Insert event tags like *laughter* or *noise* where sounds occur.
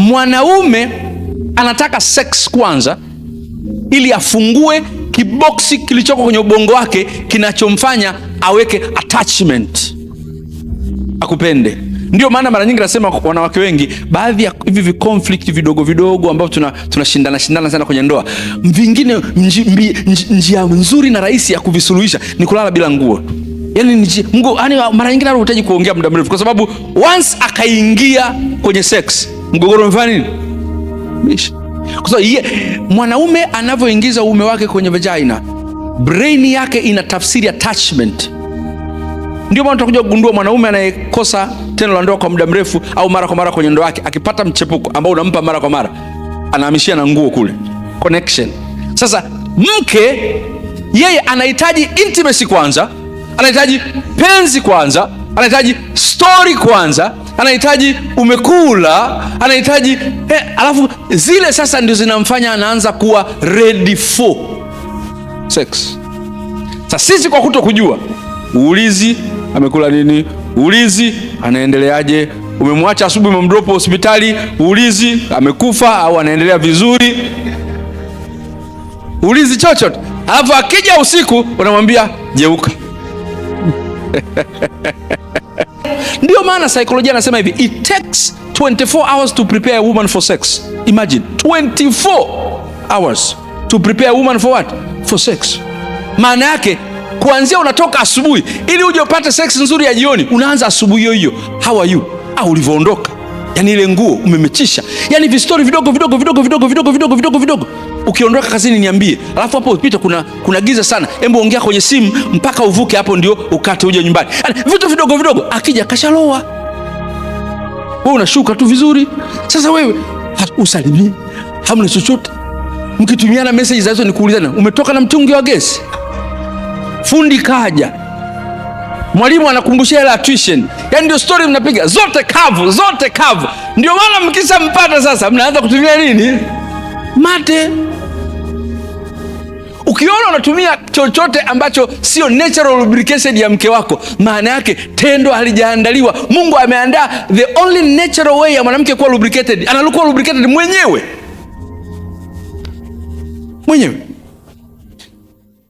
mwanaume anataka sex kwanza, ili afungue kiboksi kilichoko kwenye ubongo wake kinachomfanya aweke attachment akupende. Ndio maana mara nyingi nasema wanawake wengi, baadhi ya hivi vikonflikt vidogo vidogo ambavyo tunashindana tuna shindana sana kwenye ndoa, vingine njia nzuri na rahisi ya kuvisuluhisha ni kulala bila nguo. Yani yaani mara nyingine uhitaji kuongea muda mrefu, kwa sababu once akaingia kwenye sex Mgogoro umefanya nini? Umeisha. Kwa sababu mwanaume anavyoingiza uume wake kwenye vagina, brain yake ina tafsiri attachment. Ndio maana tutakuja kugundua mwanaume anayekosa tendo la ndoa kwa muda mrefu au mara kwa mara kwenye ndoa yake, akipata mchepuko ambao unampa mara kwa mara, anahamishia na nguo kule connection. Sasa mke yeye anahitaji intimacy kwanza, anahitaji penzi kwanza, anahitaji story kwanza anahitaji umekula, anahitaji eh, alafu zile sasa ndio zinamfanya anaanza kuwa ready for sex. Sasa sisi kwa kuto kujua uulizi amekula nini, uulizi anaendeleaje, umemwacha asubuhi, umemdropa hospitali, uulizi amekufa au anaendelea vizuri, uulizi chochote. Alafu akija usiku unamwambia jeuka *laughs* Ndiyo maana saikolojia anasema hivi, it takes 24 hours to prepare a woman for sex. Imagine 24 hours to prepare a woman for what? For sex. Maana yake kuanzia unatoka asubuhi ili uje upate sex nzuri ya jioni, unaanza asubuhi hiyo hiyo. How are you? Au ah, ulivyoondoka, yani ile nguo umemechisha, yani vistori vidogo vidogo vidogo vidogo vidogo vidogo vidogo vidogo Ukiondoka kazini niambie, alafu hapo upita kuna, kuna giza sana, hebu ongea kwenye simu mpaka uvuke hapo, ndio ukate uje nyumbani. Yaani, vitu vidogo vidogo, akija kashaloa, wewe unashuka tu vizuri. Sasa wewe usalimie, hamna chochote, mkitumiana meseji zazo ni kuulizana, umetoka na mtungi wa gesi, fundi kaja mwalimu anakumbushia hela ya tuition, yaani ndio stori mnapiga zote kavu, zote kavu. Ndio maana mkishampata sasa mnaanza kutumia nini mate. Ukiona unatumia chochote ambacho sio natural lubrication ya mke wako, maana yake tendo halijaandaliwa. Mungu ameandaa the only natural way ya mwanamke kuwa lubricated, analukuwa lubricated mwenyewe mwenyewe.